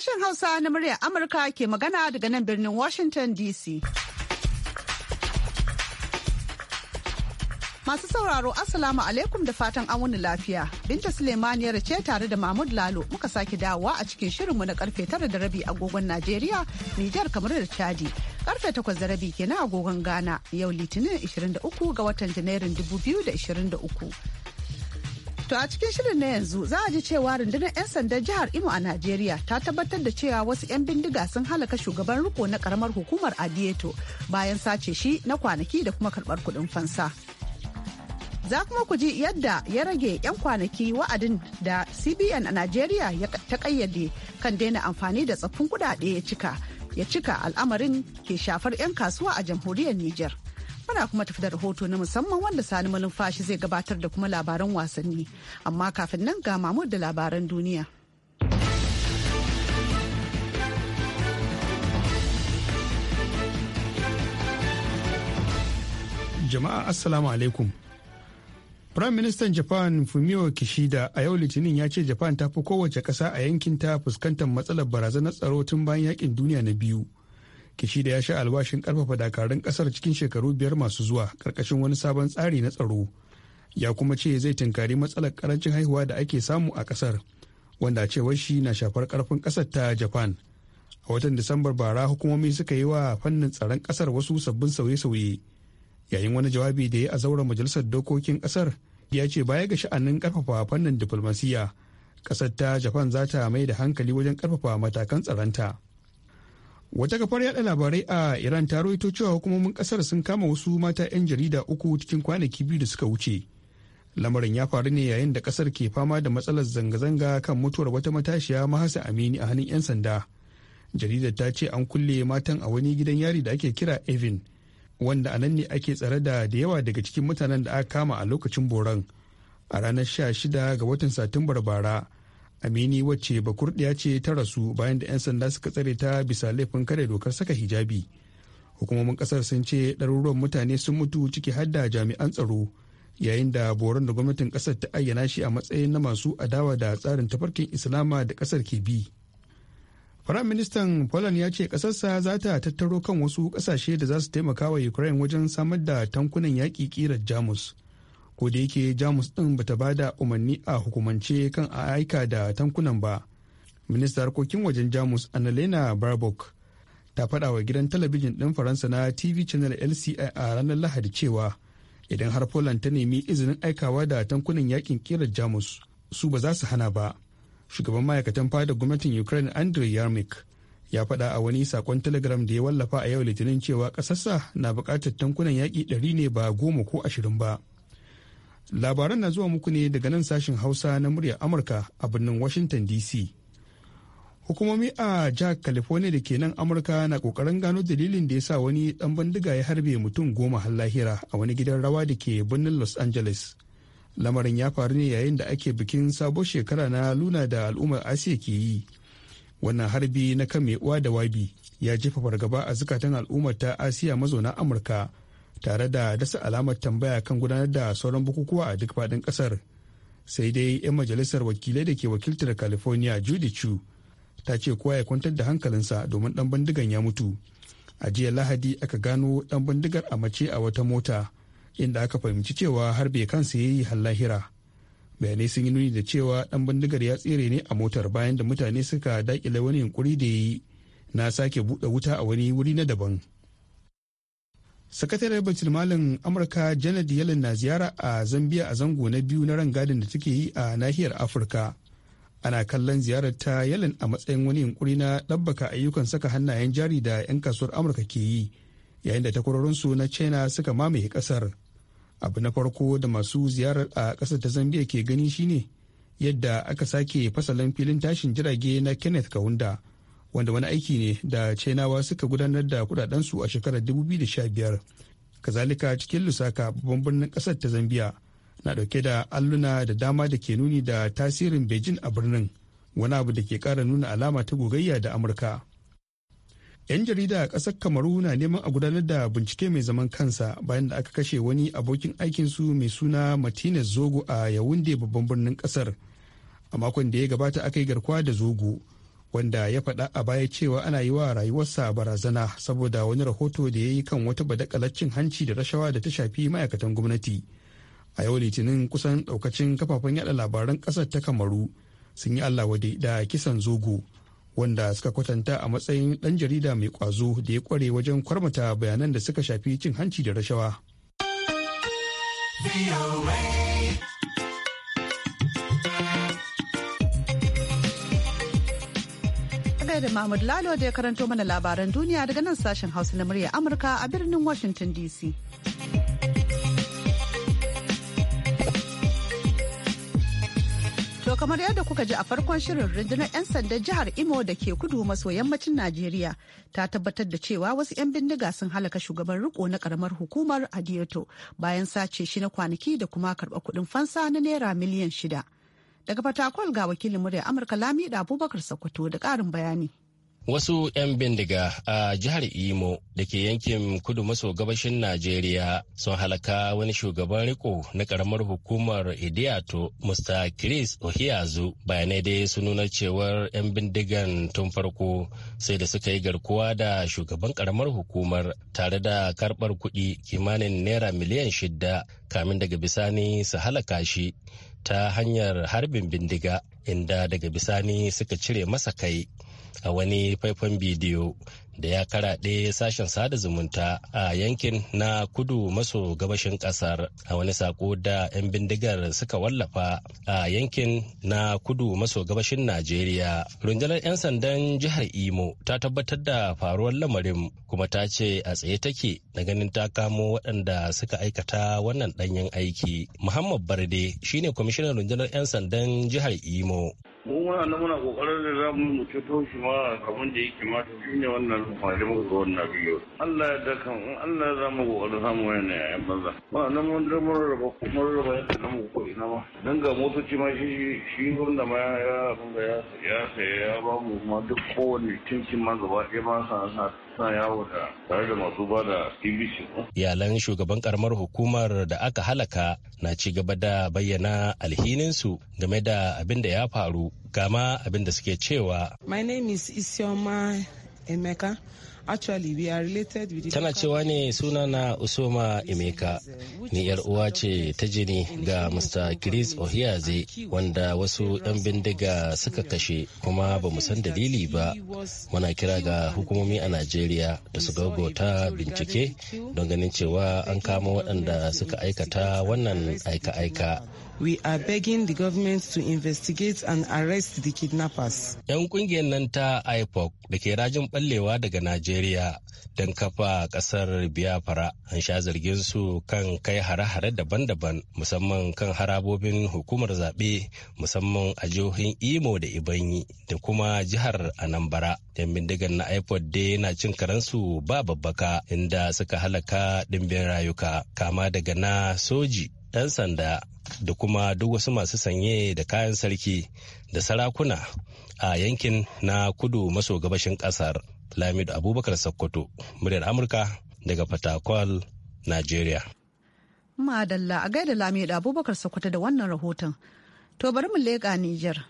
Sashen Hausa na muryar Amurka ke magana daga nan birnin Washington DC. Masu sauraro Assalamu alaikum da fatan an wuni lafiya. Binta suleimaniyar ce tare da Mahmud Lalo muka sake dawowa a cikin shirinmu na karfe tara da rabi agogon Najeriya, Nijar kamar da Chadi. Karfe takwas da rabi kenan agogon Ghana yau Litinin 23 ga watan Janairun 2023. To a cikin shirin na yanzu za a ji cewa rundunar 'yan sandan jihar Imo a Najeriya ta tabbatar da cewa wasu 'yan bindiga sun halaka shugaban riko na karamar hukumar Adieto bayan sace shi na kwanaki da kuma karbar kudin fansa. Za kuma ku ji yadda ya rage 'yan kwanaki wa'adin da CBN a Najeriya ta kayyade kan daina amfani da tsaffin kudade ya cika ya cika al'amarin ke shafar 'yan kasuwa a jamhuriyar Nijar. Muna kuma tafi da rahoto na musamman wanda Sani Malumfashi zai gabatar da kuma labaran wasanni. Amma kafin nan ga Mahmud da labaran duniya. Jama'a Assalamu alaikum. Prime Minister Japan Fumio Kishida a yau Litinin ya ce Japan ta fi kowace ƙasa a yankin ta fuskantar matsalar barazanar tsaro tun bayan yakin duniya na biyu. da ya sha albashin karfafa dakarun kasar cikin shekaru biyar masu zuwa karkashin wani sabon tsari na tsaro ya kuma ce zai tunkari matsalar karancin haihuwa da ake samu a kasar wanda cewar shi na shafar karfin kasar ta japan a watan disambar bara hukumomi suka yi wa fannin tsaron kasar wasu sabbin sauye-sauye yayin wani jawabi da ya a zauren majalisar dokokin kasar ya ce baya ga sha'anin karfafa fannin diflomasiyya kasar ta japan za ta mai da hankali wajen karfafa matakan tsaronta. wata kafar yada labarai a iran ta rawaito cewa hukumomin kasar sun kama wasu mata 'yan jarida uku cikin kwanaki biyu da suka wuce lamarin ya faru ne yayin da kasar ke fama da matsalar zanga-zanga kan mutuwar wata matashiya mahasa amini a hannun 'yan sanda jaridar ta ce an kulle matan a wani gidan yari da ake kira evin wanda a nan ne ake tsare da da yawa daga cikin mutanen da aka kama a lokacin boron a ranar 16 ga watan satumbar bara amini wacce bakurdiya ce ta rasu bayan da 'yan sanda suka tsare ta bisa laifin kare dokar saka hijabi hukumomin kasar sun ce ɗaruruwan mutane sun mutu ciki har da jami'an tsaro yayin da boron da gwamnatin kasar ta ayyana shi a matsayin na masu adawa da tsarin tafarkin islama da kasar ke bi firayim ministan Poland ya ce ƙasarsa za ta tattaro kan wasu ƙasashe da za su taimaka wa Ukraine wajen samar da tankunan yaƙi ƙirar Jamus. ko da yake jamus ɗin bata ba da umarni a hukumance kan a aika da tankunan ba minista harkokin wajen jamus annalena barbok ta faɗa wa gidan talabijin ɗin faransa na tv channel lci a ranar lahadi cewa idan har poland ta nemi izinin aikawa da tankunan yakin kirar jamus su ba za su hana ba shugaban ma'aikatan fada gwamnatin ukraine andrew yarmik ya faɗa a wani sakon telegram da ya wallafa a yau litinin cewa ƙasarsa na bukatar tankunan yaki ɗari ne ba goma ko ashirin ba Labaran na zuwa muku ne daga nan sashen Hausa na muryar Amurka a birnin Washington DC. Hukumomi a jihar California da ke nan Amurka na kokarin gano dalilin da ya sa wani dan bandiga ya harbe mutum goma har lahira a wani gidan rawa da ke birnin Los Angeles. Lamarin ya faru ne yayin da ake bikin sabon shekara na Luna da al'ummar Asiya ke yi. Wannan harbi na kan mai uwa da wabi ya jefa fargaba a zukatan al'ummar ta Asiya mazauna Amurka. tare da dasa alamar tambaya kan gudanar da sauran bukukuwa a duk faɗin ƙasar sai dai 'yan majalisar wakilai da ke wakiltar california judy chu ta ce kowa ya kwantar da hankalinsa domin ɗan bindigan ya mutu a jiya lahadi aka gano ɗan bindigar a mace a wata mota inda aka fahimci cewa harbe kansa ya yi hallahira bayanai sun yi nuni da cewa ɗan bindigar ya tsere ne a motar bayan da mutane suka daƙile wani yunkuri da ya yi na sake buɗe wuta a wani wuri na daban sakataren baitul malin amurka janet yellen na ziyara a zambia a zango na biyu na rangadin da take yi a nahiyar afirka ana kallon ziyarar ta yellen a matsayin wani yunkuri na ɗabbaka ayyukan saka hannayen jari da 'yan kasuwar amurka ke yi yayin da takwarorinsu na china suka mamaye kasar abu na farko da masu ziyarar a ƙasar ta zambia ke gani shine yadda aka sake fasalin filin tashin jirage na kenneth kaunda wanda wani aiki ne da chinawa suka gudanar da kudadensu a shekarar 2015 kazalika cikin lusaka babban birnin kasar ta zambia na dauke da alluna da dama da ke nuni da tasirin beijing a birnin wani abu da ke kara nuna alama ta gogayya da amurka 'yan jarida a ƙasar kamaru na neman a gudanar da bincike mai zaman kansa bayan da aka kashe wani abokin aikinsu mai suna martinez zogo a yawunde babban birnin kasar a makon da ya gabata aka yi garkuwa da zogo wanda ya faɗa a baya cewa ana yi wa rayuwarsa barazana saboda wani rahoto da ya yi kan wata badakalar cin hanci da rashawa da ta shafi ma'aikatan gwamnati a yau litinin kusan ɗaukacin kafafen yada labaran ƙasar ta kamaru sun yi allah wade da kisan zogo wanda suka kwatanta a matsayin ɗan jarida mai ƙwazo da ya ƙware wajen kwarmata bayanan da suka shafi cin hanci da rashawa. da Mahmud Lalo da ya karanto mana labaran duniya daga nan sashen Hausa na murya Amurka a birnin Washington DC. To kamar yadda kuka ji a farkon shirin rundunar 'yan sanda jihar Imo da ke kudu maso yammacin Najeriya ta tabbatar da cewa wasu 'yan bindiga sun halaka shugaban riko na karamar hukumar Adieto bayan sace shi na kwanaki da kuma karɓa kuɗin fansa na naira miliyan shida. Daga Fatakwal ga wakilin murya Amurka lami da Abubakar Sokoto da karin bayani. Wasu 'yan bindiga a jihar Imo da ke yankin kudu maso gabashin Najeriya sun halaka wani shugaban riko na karamar hukumar Idiato, Mr. Chris Ohiazu. Bayanai dai sun nuna cewar 'yan bindigan tun farko sai da suka yi garkuwa da shugaban karamar hukumar tare da karbar kudi kimanin naira miliyan shida kamin daga bisani su halaka shi. ta hanyar harbin bindiga inda daga bisani suka cire masa kai a wani faifan bidiyo da ya karaɗe sashen sada zumunta a yankin na kudu maso gabashin ƙasar a wani sako da 'yan bindigar suka wallafa a yankin na kudu maso gabashin najeriya rundunar 'yan sandan jihar imo ta tabbatar da faruwar lamarin kuma ta ce a tsaye take na ganin ta kamo waɗanda suka aikata wannan ɗanyen aiki muhammad barde shine kwamishinan rundunar 'yan sandan jihar imo mu muna nan muna kokarin da za mu mu ceto shi ma abin da yake ma shi ne wannan kwari muka ga wannan biyo Allah ya da kan Allah ya zama kokarin samu wannan yayan banza ba nan mun da mun raba kuma raba yadda nan mu ko ina ma dan ga motoci ma shi shi gwamnati ma ya ya ya sai ya ba mu ma duk kowanne tinkin ma gaba ɗaya ma sa sa sa yawo da tare da masu ba da TBC. Iyalan shugaban karamar hukumar da aka halaka na ci gaba da bayyana alhininsu game da abin da ya faru Gama abin da suke cewa. My name is Isioma Emeka. Actually, we are related with Tana cewa ne suna na Usoma Emeka, ni yar uwa ce ta jini ga Mr. Chris Ohiaze wanda wasu 'yan bindiga suka kashe kuma ba mu san dalili ba. Muna kira ga hukumomi a nigeria da su gaugota bincike don ganin cewa an kama waɗanda suka aikata wannan aika-aika. We are begging the government to investigate and arrest the kidnappers. 'Yan kungiyar nan ta IPOC da ke rajin ballewa daga Najeriya don kafa ƙasar Biafra an sha zargin su kan kai hare-hare daban-daban musamman kan harabobin hukumar zaɓe musamman a jihohin Imo da Ibanyi da kuma jihar Anambra. 'Yan bindigar na IPOC dai na cin karansu ba babbaka inda suka halaka ɗimbin rayuka kama daga na soji, ɗan sanda da kuma duk wasu masu sanye da kayan sarki da sarakuna a yankin na kudu maso gabashin kasar lamidu abubakar sokoto muryar amurka daga fatakwal nigeria madalla a gaida lamidu abubakar sokoto da wannan rahoton to bari mu leƙa Nijar.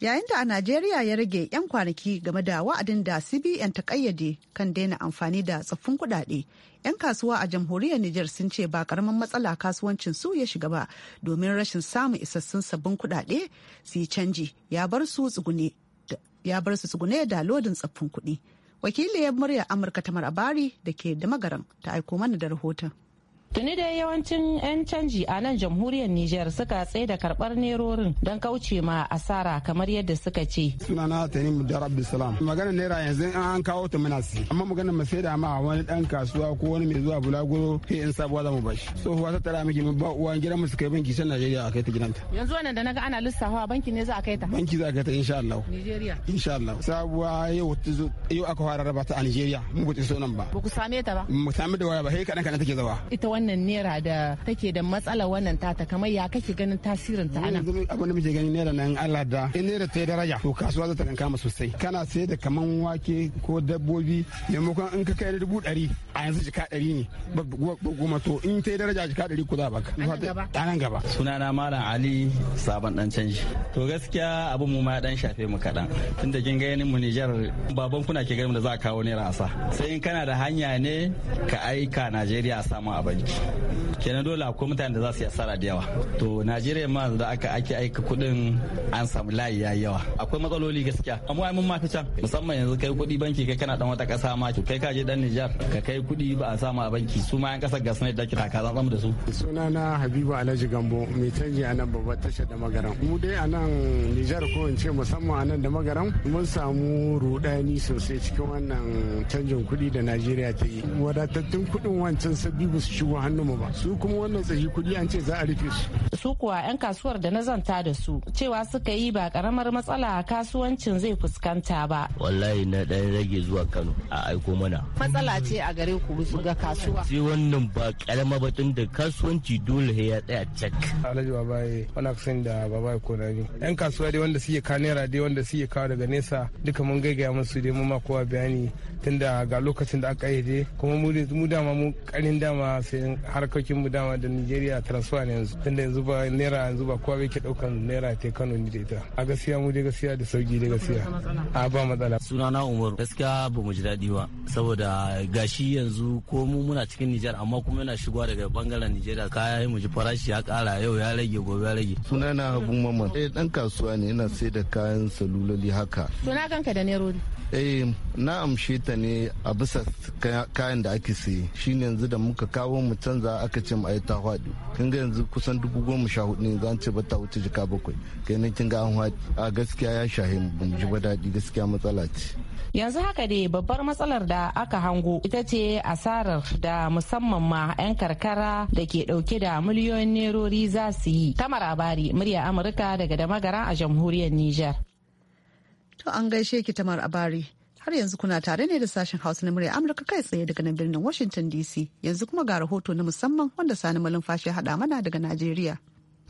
yayin da a najeriya ya rage 'yan kwanaki game da wa'adin da cbn ta kayyade kan daina amfani da tsaffin kudade 'yan kasuwa a jamhuriyar niger sun ce ba karamin matsala kasuwancin su ya shiga ba domin rashin samun isassun sabbin kudade su yi canji ya bar su tsugune da lodin tsaffin kudi wakiliyar murya amurka tamar abari da ke da magaran ta aiko mana da rahoton Tuni da yawancin 'yan canji a nan jamhuriyar niger suka da karbar nerorin don kauce ma asara kamar yadda suka ce. Sunana tani Dar Abdulsalam. Magana naira yanzu an kawo ta muna si. Amma magana mu sai da ma wani dan kasuwa ko wani mai zuwa bulaguro sai in sabuwa za mu bashi. huwa ta tara miki ba uwa gidan mu su kai banki can Najeriya a kai ta gidanta. Yanzu wannan da naga ana lissafawa banki ne za a kai ta. Banki za a kai ta insha Allah. Nigeria. Insha Allah. Sabuwa yau yau aka fara raba ta a Nigeria mu ba ta so nan ba. Ba ku same ta ba. Mu same da waya ba sai kadan kadan take zawa. Ita wani wannan naira da take da matsala wannan tata kamar ya kake ganin tasirin ta ana abin da muke ganin naira nan Allah da in naira ta daraja to kasuwa za ta kan mu sosai kana sayar da kaman wake ko dabbobi maimakon in ka kai da dubu ɗari a yanzu jika ɗari ne goma to in ta daraja jika ɗari ku za baka a nan gaba sunana malam ali sabon dan canji to gaskiya abin mu ma dan shafe mu kaɗan tunda kin ga yanin mu Nijar baban kuna ke ganin da za a kawo naira a sa sai in kana da hanya ne ka aika Najeriya a samu abin kenan dole akwai mutane da za su yi asara da yawa to najeriya ma da aka ake aika kuɗin an samu layi ya yawa akwai matsaloli gaskiya amma ai mun mata can musamman yanzu kai kuɗi banki kai kana dan wata kasa ma kai ka je dan Nijar ka kai kuɗi ba a samu a banki su ma yan kasar gas ne da kira ka zan da su sunana Habibu Alhaji Gambo mai canji a nan babbar tashar da magaran mu dai a nan Nijar ko in ce musamman a nan da magaran mun samu rudani sosai cikin wannan canjin kuɗi da Najeriya ta yi wadatattun kuɗin wancan sabibu su shigo mu ba su kuma wannan tsayi kudi an ce za a rufe su. su kuwa 'yan kasuwar da na zanta da su cewa suka yi ba karamar matsala kasuwancin zai fuskanta ba. wallahi na ɗan rage zuwa kano a aiko mana. matsala ce a gare ku ga kasuwa. sai wannan ba karama tun da kasuwanci dole ya tsaya cak. alhaji babaye wani kusan da babaye ko na biyu. 'yan kasuwa dai wanda suke kawo naira dai wanda suke kawo daga nesa duka mun gaigaya musu dai mun ma kowa bayani tunda ga lokacin da aka yi dai kuma mu dama mu karin dama sai yanayin harkokin mu dama da Nigeria transfer ne yanzu tunda yanzu ba naira yanzu ba kowa yake daukan naira ta Kano ne da ita a gaskiya mu dai gaskiya da sauki da gaskiya a ba matsala sunana Umar gaskiya ba mu ji dadi ba saboda gashi yanzu ko mu muna cikin Nijar amma kuma yana shigowa daga bangaren Nigeria kaya mu ji farashi ya kara yau ya rage gobe ya rage sunana Abu Mamman eh dan kasuwa ne yana sai da kayan salulali haka suna kanka da neroli eh na amshe ta ne a bisa kayan da ake sai shine yanzu da muka kawo mu mu canza aka ce mu ta faɗi kin ga yanzu kusan dubu goma sha hudu ne zan ce ba ta wuce jika bakwai kenan kin ga an faɗi a gaskiya ya shahe mu mu ji ba daɗi gaskiya matsala ce. yanzu haka dai babbar matsalar da aka hango ita ce asarar da musamman ma 'yan karkara da ke dauke da miliyoyin nerori za su yi tamar abari murya amurka daga damagara a jamhuriyar niger to an gaishe ki tamar abari har yanzu kuna tare ne da sashen hausa na murya amurka kai tsaye daga nan birnin washington dc yanzu kuma ga rahoto na musamman wanda sani fashe haɗa mana daga najeriya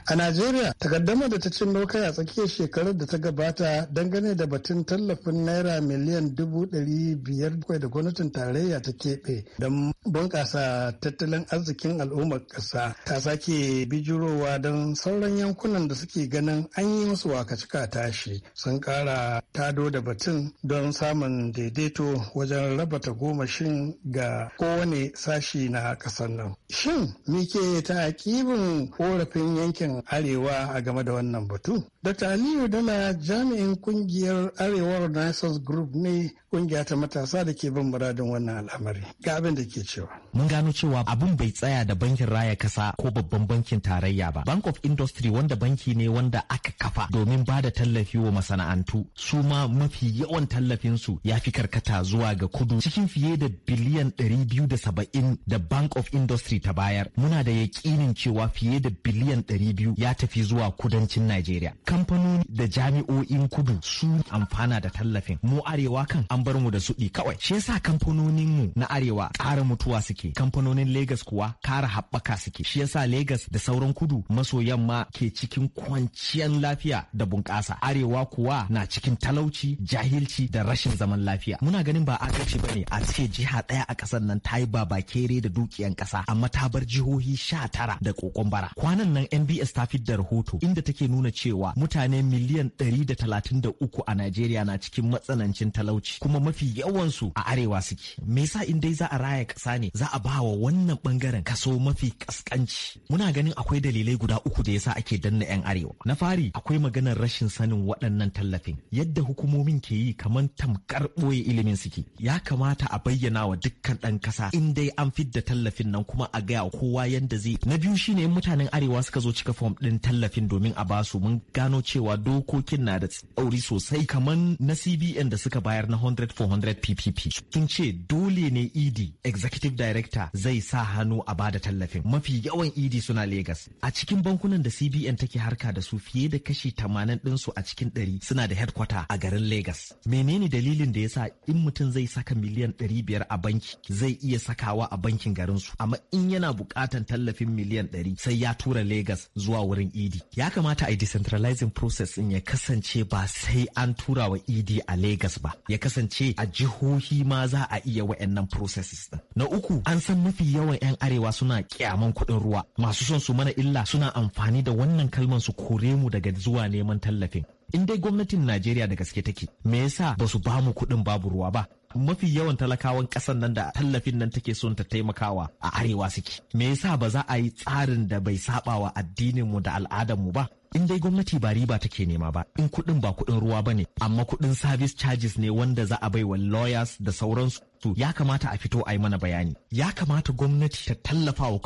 A Najeriya, takaddama da ta cin kai a tsakiyar shekarar da ta gabata dangane da batun tallafin naira miliyan dubu ɗari biyar da gwamnatin tarayya ta keɓe don bunƙasa tattalin arzikin al'ummar ƙasa ta sake bijirowa don sauran yankunan da suke ganin an yi musu wakacika tashi sun ƙara tado da batun don samun daidaito wajen raba tagomashin ga kowane sashi na ƙasar nan. Shin, mike ta ta ƙorafin yankin arewa a game da wannan batu? Dr. Aliyu Dala jami'in kungiyar Arewa Renaissance Group ne kungiya ta matasa da ke bin muradin wannan al'amari. Ga abin da ke cewa. Mun gano cewa abin bai tsaya da bankin raya kasa ko babban bankin tarayya ba. Bank of Industry wanda banki ne wanda aka kafa domin ba da tallafi wa masana'antu su ma mafi yawan tallafin su ya fi karkata zuwa ga kudu cikin fiye da biliyan 270 da saba'in Bank of Industry ta bayar. Muna da yaƙinin cewa fiye da biliyan 200 biyu ya tafi zuwa kudancin Najeriya. Kamfanoni da jami'o'in kudu su amfana da tallafin. Mu arewa kan an bar mu da suɗi kawai. Shi yasa kamfanonin mu na arewa ƙara mutuwa suke. Kamfanonin Legas kuwa ƙara haɓaka suke. Shi yasa Legas da sauran kudu maso yamma ke cikin kwanciyar lafiya da bunƙasa. Arewa kuwa na cikin talauci, jahilci da rashin zaman lafiya. Muna ganin ba ba ne. a ce jiha ɗaya a ƙasar nan ta yi babakere da dukiyan ƙasa amma ta bar jihohi sha tara da kokon bara. Kwanan nan NBS ta fidda rahoto inda take nuna cewa mutane miliyan 133 a Najeriya na cikin matsanancin talauci kuma mafi yawansu a arewa suke. Me yasa in dai za a raya kasa ne za a bawa wannan bangaren kaso mafi kaskanci. Muna ganin akwai dalilai guda uku da yasa ake danna 'yan arewa. Na fari akwai maganar rashin sanin waɗannan tallafin yadda hukumomin ke yi kamar tamkar ɓoye ilimin suke. Ya kamata a bayyana wa dukkan ɗan ƙasa in dai an fidda tallafin nan kuma a gaya kowa yadda zai. Na biyu shine mutanen arewa suka zo cika fom ɗin tallafin domin a ba su mun gano cewa dokokin na da tsauri sosai kamar na cbn da suka bayar na 100 400 ppp sun ce dole ne ed executive director zai sa hannu a bada tallafin mafi yawan ed suna Legas. a cikin bankunan da cbn take harka da su fiye da kashi 80 ɗinsu a cikin 100 suna da headquarter a garin Legas. menene dalilin da ya sa in mutum zai saka miliyan biyar a banki zai iya sakawa a bankin garinsu amma in yana bukatan tallafin miliyan 100 sai ya tura Legas zuwa zuwa wurin idi ya kamata a decentralizing process in ya kasance ba sai an tura wa idi a lagos ba ya kasance a jihohi ma za a iya wa'annan processes din na uku an san mafi yawan 'yan arewa suna kyaman kuɗin ruwa masu son su mana illa suna amfani da wannan kalman su kore mu daga zuwa neman tallafin in dai gwamnatin Najeriya da gaske take me yasa ba su bamu kuɗin babu ruwa ba mafi yawan talakawan ƙasar nan da tallafin nan take son ta taimakawa a arewa suke me yasa ba za a yi tsarin da bai sabawa addinin mu da al'adar mu ba in dai gwamnati ba riba take nema ba in kuɗin ba kuɗin ruwa ba ne amma kuɗin service charges ne wanda za a baiwa lawyers da sauransu ya kamata a fito a yi mana bayani ya kamata gwamnati ta tallafa wa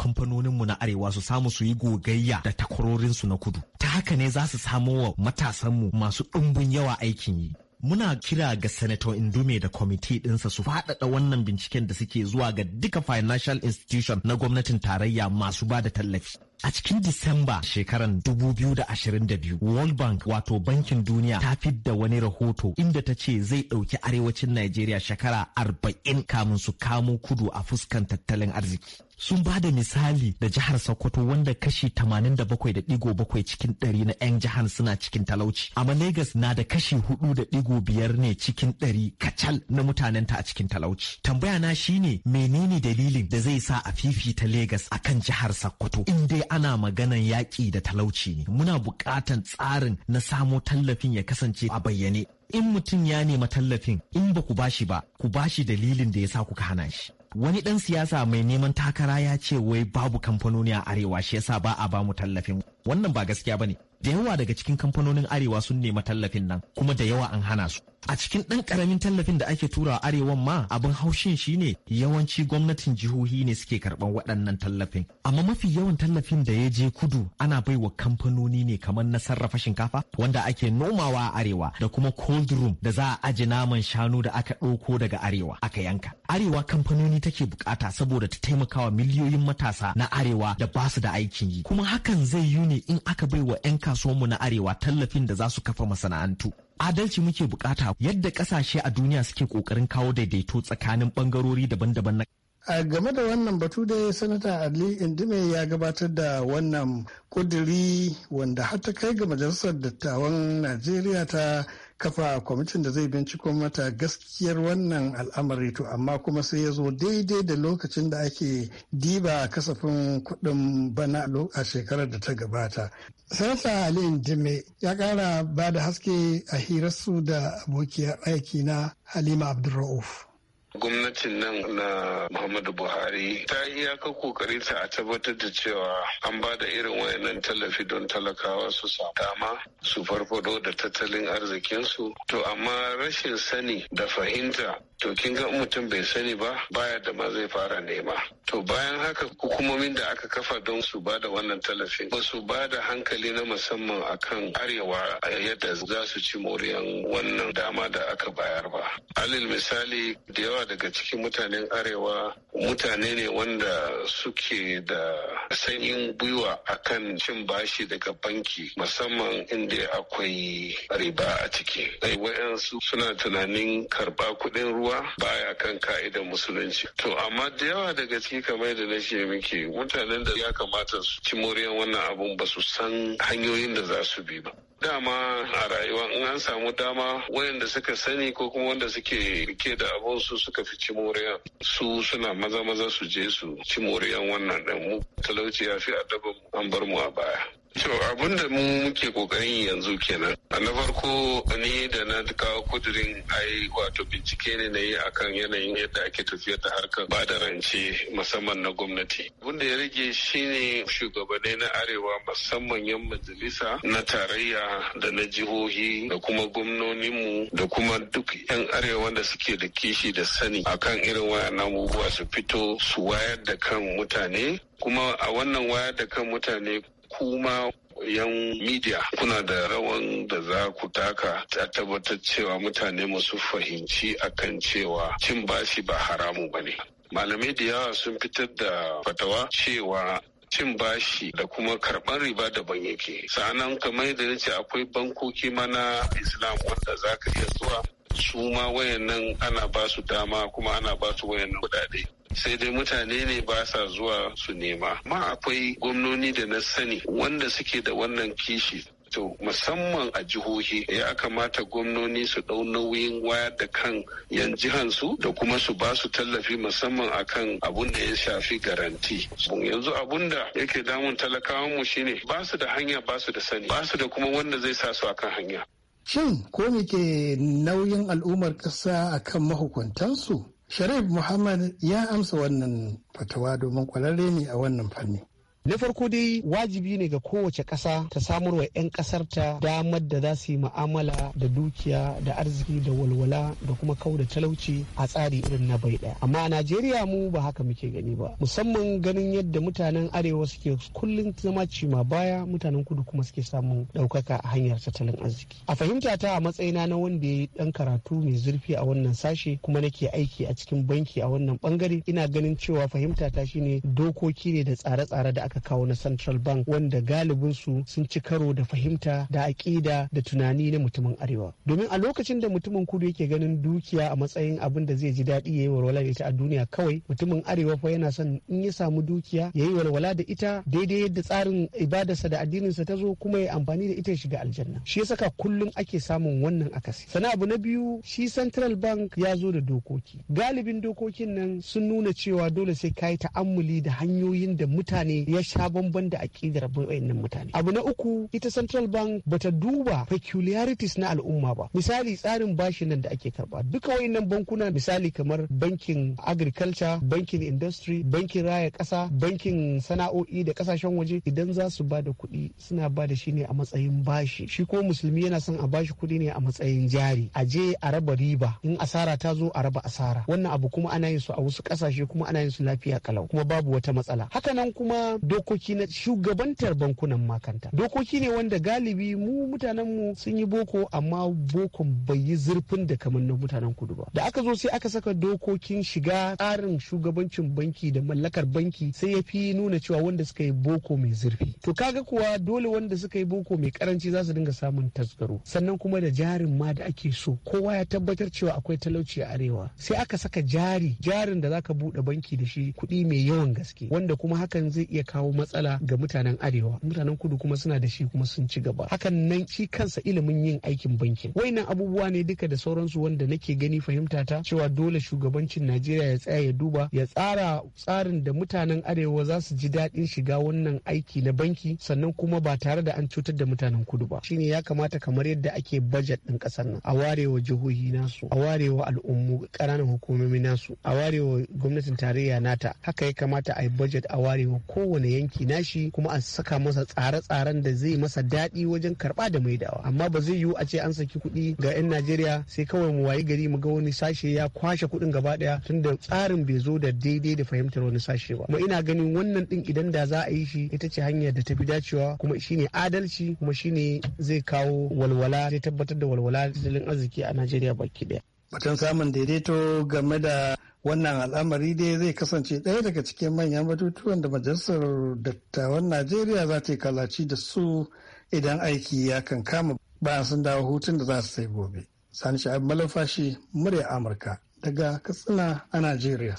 mu na arewa su samu su yi gogayya da takwarorinsu na kudu ta haka ne za su samo wa matasanmu masu ɗumbin yawa aikin yi muna kira ga senator indume da kwamiti ɗinsa su faɗaɗa wannan binciken da suke zuwa ga duka financial institution na gwamnatin tarayya masu ba da tallafi a cikin disamba shekaran 2022 world bank wato bankin duniya ta da wani rahoto inda ta ce zai ɗauki arewacin najeriya shekara 40 kamun su kamo kudu a fuskan tattalin arziki sun ba da misali da jihar Sokoto wanda kashi 87.7 cikin 100 na 'yan jihar suna cikin talauci. Amma Legas na da kashi 4.5 ne cikin 100 kacal na mutanenta a cikin talauci. Tambaya na shine menene dalilin da zai sa a fifita Legas akan jihar Sokoto in dai ana maganan yaƙi da talauci ne. Muna buƙatan tsarin na samo tallafin ya kasance a bayyane. In mutum ya nema tallafin in ba ku bashi ba, ku bashi dalilin da ya sa kuka hana shi. wani dan siyasa mai neman takara ya ce wai babu kamfanoni a arewa shi yasa ba a ba mu tallafin wannan ba gaskiya bane da yawa daga cikin kamfanonin arewa sun nema tallafin nan kuma da yawa an hana su a cikin ɗan ƙaramin tallafin da ake tura arewan ma abin haushin shi ne. yawanci gwamnatin jihohi ne suke karɓan waɗannan tallafin amma mafi yawan tallafin da ya je kudu ana baiwa kamfanoni ne kamar na sarrafa shinkafa wanda ake nomawa a arewa da kuma cold room da za a aji naman shanu da aka ɗauko daga arewa aka yanka arewa kamfanoni take bukata saboda ta taimakawa miliyoyin matasa na arewa da ba su da aikin yi kuma hakan zai yi ne in aka baiwa 'yan kasuwanmu na arewa tallafin da za su kafa masana'antu adalci muke bukata yadda kasashe a duniya suke kokarin kawo daidaito tsakanin bangarori daban-daban na a game da wannan batu da sanata ali indime ya gabatar da wannan kuduri wanda har ta kai ga majalisar dattawan najeriya ta kafa kwamitin da zai binciko mata gaskiyar wannan al'amari to amma kuma sai ya zo daidai da lokacin da ake diba kasafin kuɗin bana a shekarar da ta gabata sanata Ali Dime ya ƙara ba da haske a hirarsu da abokiyar aiki na halima abdulra'uf gwamnatin nan na muhammadu buhari ta yi iyaka kokari ta a tabbatar da cewa an ba da irin wayannan tallafi don talakawa su samu dama su farfado da tattalin arzikinsu to amma rashin sani da fahimta to kin ga mutum bai sani ba baya da ma zai fara nema to bayan haka hukumomin da aka kafa don su ba da wannan talafin, ba su ba da hankali na musamman akan arewa yadda za su ci moriyan wannan dama da aka bayar ba alil misali da yawa daga cikin mutanen arewa mutane ne wanda suke da sanyin gwiwa akan cin bashi daga banki musamman inda akwai riba a ciki wayansu suna tunanin karba kuɗin ruwa rayuwa baya kan ka'idar musulunci to amma da yawa daga ciki kamar da na ce miki mutanen da ya kamata su ci moriyan wannan abun ba su san hanyoyin da za su bi ba dama a rayuwa in an samu dama wayanda suka sani ko kuma wanda suke rike da abun su suka fi ci moriyan su suna maza maza su je su ci moriyan wannan din mu talauci ya fi addaban an bar mu a baya To abin da mu muke kokarin yanzu kenan. A na farko ne da na kawo kudirin ai wato bincike ne na yi akan yanayin yadda ake tafiyar da harkar ba da rance musamman na gwamnati. Abin da ya rage shine shugabanni na arewa musamman yan majalisa na tarayya da na jihohi da kuma gwamnoninmu da kuma duk yan arewa da suke da kishi da sani akan irin wayannan abubuwa su fito su wayar da kan mutane kuma a wannan wayar da kan mutane kuma yan midiya. kuna da rawan da za ku taka Ta tabbatar cewa mutane masu fahimci akan cewa cin bashi ba haramu ba ne. Malamai da yawa sun fitar da fatawa cewa cin bashi da kuma karɓar riba daban yake. Sa'anan kamar da nace akwai bankoki mana Islam wanda za ka iya zuwa su ma wayannan ana ba su dama kuma ana ba su wayannan kuɗaɗe. sai dai mutane ne ba sa zuwa su nema ma akwai gwamnoni da na sani wanda suke da wannan kishi to musamman a jihohi ya kamata gwamnoni su ɗau nauyin wayar da kan yan jihansu da kuma su ba su tallafi musamman akan abun da ya shafi garanti yanzu abun da yake damun talakawan mu shine ba su da hanya ba su da sani ba su da kuma wanda zai sa su akan hanya shin ko muke nauyin al'ummar ƙasa akan mahukuntansu Sharif Muhammad ya amsa wannan fatawa domin kwararre ne a wannan fanni. na farko dai wajibi ne ga kowace ƙasa ta samarwa 'yan ƙasarta damar da za su yi ma'amala da dukiya da arziki da walwala da kuma kau da talauci a tsari irin na bai ɗaya amma a najeriya mu ba haka muke gani ba musamman ganin yadda mutanen arewa suke kullum zama cima baya mutanen kudu kuma suke samun ɗaukaka a hanyar tattalin arziki a fahimta ta a matsayina na wanda ya yi ɗan karatu mai zurfi a wannan sashe kuma nake aiki a cikin banki a wannan bangare ina ganin cewa fahimta ta shine dokoki ne da tsare-tsare da aka aka kawo na central bank wanda galibin su sun ci karo da fahimta da aƙida da tunani na mutumin arewa domin a lokacin da mutumin kudu yake ganin dukiya a matsayin abin da zai ji daɗi ya yi walwala da ita a duniya kawai mutumin arewa fa yana son in ya samu dukiya ya yi walwala da ita daidai yadda tsarin ibadarsa da addininsa ta zo kuma ya amfani da ita ya shiga aljanna shi ya saka kullum ake samun wannan akasi sana abu na biyu shi central bank ya zo da dokoki galibin dokokin nan sun nuna cewa dole sai ka yi ta'ammuli da hanyoyin da mutane ya sha bamban da aƙidar wayannan mutane abu na uku ita central bank bata duba peculiarities na al'umma ba misali tsarin bashi nan da ake karba duka wayannan bankuna misali kamar bankin agriculture bankin industry bankin raya kasa bankin sana'o'i da ƙasashen waje idan za su ba da kuɗi suna bada shi ne a matsayin bashi shi ko musulmi yana son a bashi kuɗi ne a matsayin jari a je a raba riba in asara ta zo a raba asara wannan abu kuma ana yin su a wasu ƙasashe kuma ana yin su lafiya kalau kuma babu wata matsala hakanan kuma dokoki na shugabantar bankunan makanta dokoki ne wanda galibi mu mutanen mu sun yi boko amma bokon bai yi zurfin da kamar na mutanen kudu ba da aka zo sai aka saka dokokin shiga tsarin shugabancin banki da mallakar banki sai ya fi nuna cewa wanda suka yi boko mai zurfi to kaga kuwa dole wanda suka yi boko mai karanci za su dinga samun tasgaro sannan kuma da jarin ma da ake so kowa ya tabbatar cewa akwai talauci a arewa sai aka saka jari jarin da zaka buɗe banki da shi kuɗi mai yawan gaske wanda kuma hakan zai iya kawo matsala ga mutanen arewa mutanen kudu kuma suna da shi kuma sun ci gaba hakan nan shi kansa ilimin yin aikin bankin wainan abubuwa ne duka da sauransu wanda nake gani fahimta ta cewa dole shugabancin najeriya ya tsaya ya duba ya tsara tsarin da mutanen arewa za su ji daɗin shiga wannan aiki na banki sannan kuma ba tare da an cutar da mutanen kudu ba shine ya kamata kamar yadda ake bajet ɗin kasar nan a warewa jihohi nasu a warewa al'ummu ƙananan hukumomi nasu a warewa gwamnatin tarayya nata haka ya kamata a yi bajet a warewa kowane yanki nashi kuma a saka masa tsare-tsaren da zai masa daɗi wajen karɓa da mai maidawa amma ba zai yiwu a ce an saki kuɗi ga 'yan najeriya sai kawai mu wayi gari mu ga wani sashe ya kwashe kuɗin gaba ɗaya tunda tsarin bai zo da daidai da fahimtar wani sashe ba kuma ina ganin wannan ɗin idan da za a yi shi ita ce hanyar da ta fi dacewa kuma shine adalci kuma shine zai kawo walwala zai tabbatar da walwala tattalin arziki a najeriya baki ɗaya batun samun daidaito game da wannan al'amari dai zai kasance ɗaya daga cikin manyan batutuwan da majalisar dattawan najeriya za ta yi kalaci da su idan aiki ya kan kama bayan sun dawo hutun da za su sai gobe sani sha'ab malafashi murya amurka daga katsina a najeriya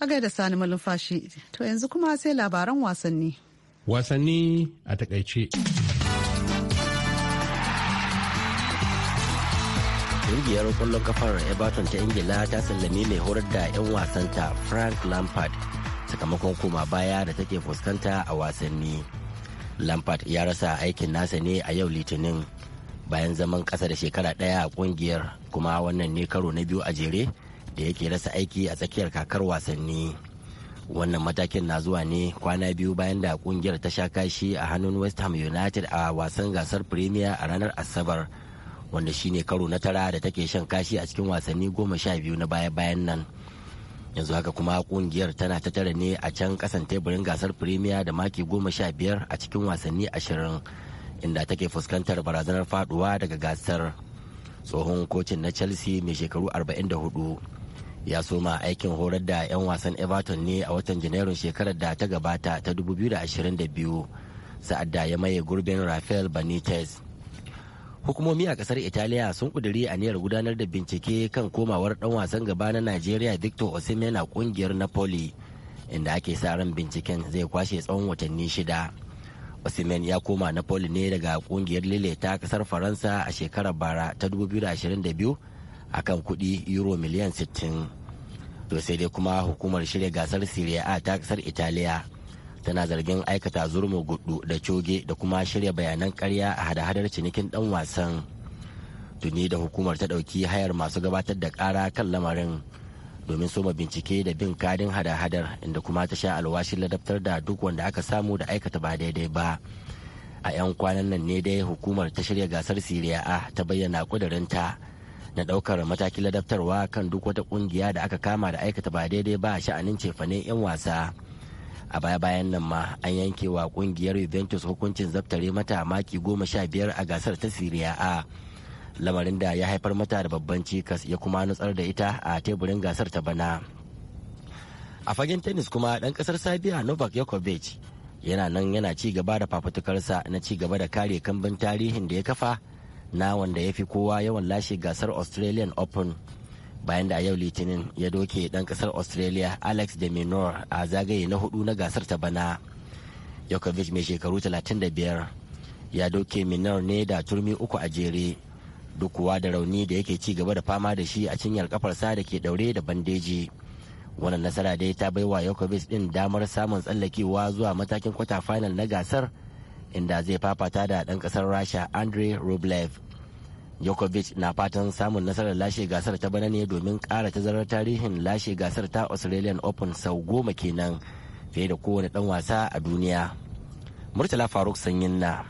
a gaida sani malafashi to yanzu kuma sai labaran wasanni wasanni a takaice Ƙungiyar kwallon kafar Everton ta Ingila ta sallami mai horar da 'yan wasanta Frank Lampard sakamakon koma baya da take fuskanta a wasanni. Lampard ya rasa aikin nasa ne a yau Litinin bayan zaman kasa da shekara daya a ƙungiyar kuma wannan ne karo na biyu a jere da yake rasa aiki a tsakiyar kakar wasanni. wannan matakin na zuwa ne kwana biyu bayan da ƙungiyar ta sha kashi a hannun west ham united a wasan gasar premier a ranar asabar wanda shine karo na tara da take shan kashi a cikin wasanni goma sha biyu na baya-bayan nan yanzu haka kuma kungiyar tana ta tara ne a can kasan teburin gasar premier da maki goma sha biyar a cikin wasanni ashirin inda take fuskantar barazanar faduwa daga gasar tsohon kocin na chelsea mai shekaru 44 ya soma aikin horar da 'yan wasan everton ne a watan janairun shekarar da ta gabata ta 2022 sa'ad da ya maye gurbin rafael benitez hukumomi a kasar italiya sun kuduri aniyar gudanar da bincike kan komawar dan wasan gaba na nigeria victor osimhen a kungiyar napoli inda ake sa ran binciken zai kwashe tsawon watanni shida osimhen ya koma napoli ne daga kungiyar lile ta kasar faransa a shekarar bara ta 2022 akan kudi euro miliyan 60 to sai dai kuma hukumar shirya gasar serie a ta kasar italiya tana zargin aikata zurmi gudu da coge da kuma shirya bayanan karya a hada-hadar cinikin dan wasan tuni da hukumar ta dauki hayar masu gabatar da kara kan lamarin domin soma bincike da bin kadin hada-hadar inda kuma ta sha alwashin ladabtar da duk wanda aka samu da aikata ba daidai ba a 'yan kwanan nan ne dai hukumar ta shirya gasar siriya a ta bayyana kudurinta na daukar matakin ladabtarwa kan duk wata kungiya da aka kama da aikata ba daidai ba a sha'anin cefane 'yan wasa. a baya bayan nan ma an yanke wa kungiyar juventus hukuncin zaftare mata maki goma sha biyar a gasar ta siriya a lamarin da ya haifar mata da babban cikas ya kuma nutsar da ita a teburin gasar ta bana a fagen tennis kuma dan kasar sabiya novak yakovic yana nan yana ci gaba da fafutukarsa na ci gaba da kare kambin tarihin da ya kafa na wanda ya fi kowa yawan lashe gasar australian open bayan da a yau litinin ya doke dan kasar australia alex de minor a zagaye na hudu na gasar ta bana yokovic mai shekaru 35 ya doke minor ne da turmi uku a jere duk kuwa da rauni da yake ci gaba da fama da shi a cinyar kafarsa da ke daure da bandeji. Wannan nasara dai ta baiwa yokovic din damar samun tsallakewa zuwa matakin kwata final na gasar inda zai fafata da dan kasar Rasha Andre Rublev. Djokovic na fatan samun nasarar lashe gasar ta bana ne domin ta tazarar tarihin lashe gasar ta Australian Open sau goma kenan fiye da kowane ɗan wasa a duniya. Murtala Faruk Sanyin na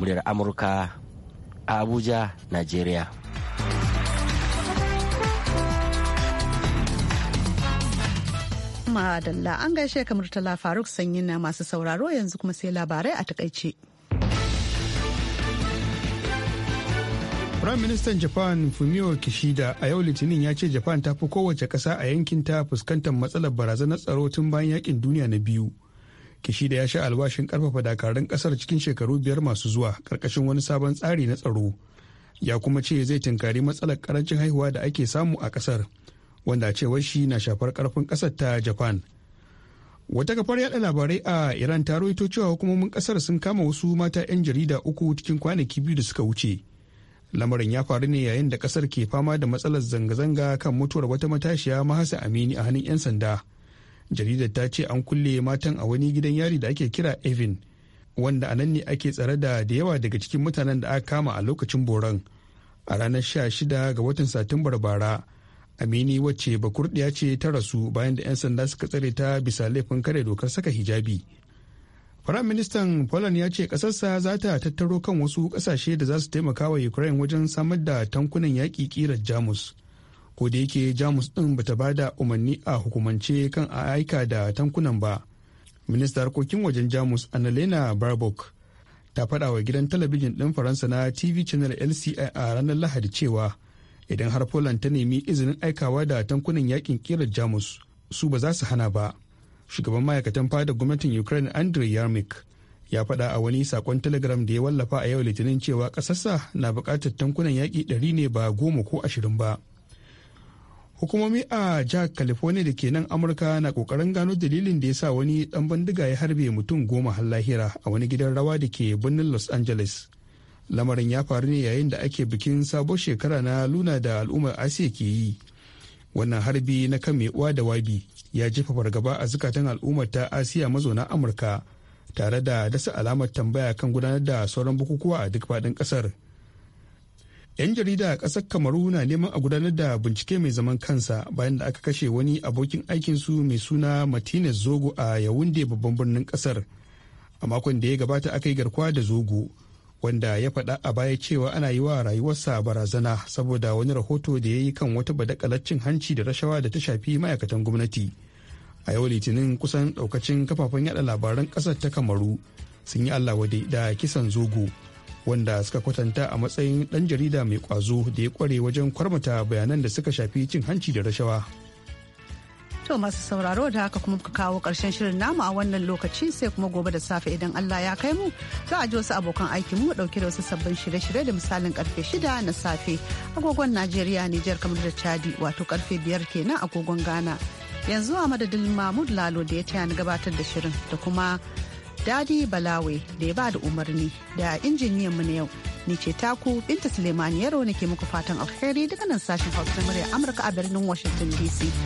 muryar Amurka Abuja, Najeriya. Madalla an gaishe ka Murtala Faruk Sanyin na masu sauraro yanzu kuma sai labarai a takaice. Prime Minister Japan Fumio Kishida a yau Litinin ya ce Japan ta fi kowace ƙasa a yankin ta fuskantar matsalar barazanar tsaro tun bayan yakin duniya na biyu. Kishida ya sha albashin karfafa dakarun ƙasar cikin shekaru biyar masu zuwa ƙarƙashin wani sabon tsari na tsaro. Ya kuma ce zai tunkari matsalar karancin haihuwa da ake samu a ƙasar, wanda a cewar shi na shafar karfin ƙasar ta Japan. Wata kafar yada labarai a Iran ta rawaito cewa hukumomin ƙasar sun kama wasu mata 'yan jarida uku cikin kwanaki biyu da suka wuce. lamarin ya faru ne yayin da kasar ke fama da matsalar zanga-zanga kan mutuwar wata matashiya mahasa amini a hannun 'yan sanda jaridar ta ce an kulle matan a wani gidan yari da ake kira evin wanda a nan ne ake tsare da da yawa daga cikin mutanen da aka kama a lokacin boron a ranar 16 ga watan satumbar bara amini wacce bakurdiya ce ta rasu bayan da 'yan sanda suka tsare ta bisa laifin kare dokar saka hijabi Firaministan Poland ya ce ƙasarsa za ta tattaro kan wasu ƙasashe da za su taimaka wa Ukraine wajen samar da tankunan yaƙi ƙirar Jamus. Ko da yake Jamus ɗin bata ba da umarni a hukumance kan a aika da tankunan ba. Minista harkokin wajen Jamus Annalena Baerbock ta faɗa wa gidan talabijin ɗin Faransa na TV Channel LCI a ranar Lahadi cewa idan har Poland ta nemi izinin aikawa da tankunan yaƙin ƙirar Jamus su ba za su hana ba. shugaban ma'aikatan fada gwamnatin ukraine andrei yarmik ya faɗa a wani sakon telegram da ya wallafa a yau litinin cewa ƙasarsa na buƙatar tankunan yaƙi ɗari ne ba goma ko ashirin ba hukumomi a jihar california da ke nan amurka na ƙoƙarin gano dalilin da ya sa wani ɗan bandiga ya harbe mutum goma har lahira a wani gidan rawa da ke birnin los angeles lamarin ya faru ne yayin da ake bikin sabon shekara na luna da al'ummar asiya ke yi wannan harbi na kan mai uwa da wabi ya jefa fargaba a zukatan al'ummar ta asiya mazauna amurka tare da dasa alamar tambaya kan gudanar da sauran bukukuwa a duk faɗin ƙasar 'yan jarida a ƙasar kamaru na neman a gudanar da bincike mai zaman kansa bayan da aka kashe wani abokin aikinsu mai suna martinez zogo a yawunde babban birnin ƙasar a makon da ya gabata aka yi garkuwa da zogo wanda ya faɗa a baya cewa ana yi wa rayuwarsa barazana saboda wani rahoto da ya yi kan wata badakalar cin hanci da rashawa da ta shafi ma'aikatan gwamnati a yau litinin kusan ɗaukacin kafafen yada labaran ƙasar ta kamaru sun yi allah wade da kisan zogo wanda suka kwatanta a matsayin ɗan jarida mai ƙwazo da ya ƙware wajen kwarmata bayanan da suka shafi cin hanci da rashawa To masu sauraro da haka kuma muka kawo ƙarshen shirin namu a wannan lokaci sai kuma gobe da safe idan Allah ya kai mu za a ji wasu abokan aikin mu dauke da wasu sabbin shirye-shirye da misalin karfe shida na safe agogon Najeriya Nijar kamar da Chadi wato karfe biyar kenan agogon Ghana. Yanzu a madadin Mahmud Lalo da ya taya ni gabatar da shirin da kuma Dadi Balawe da ya ba da umarni da injiniyan mu na yau ni ce taku Binta Suleiman Yaro nake muku fatan alheri daga nan sashen Hausa na murya Amurka a birnin Washington DC.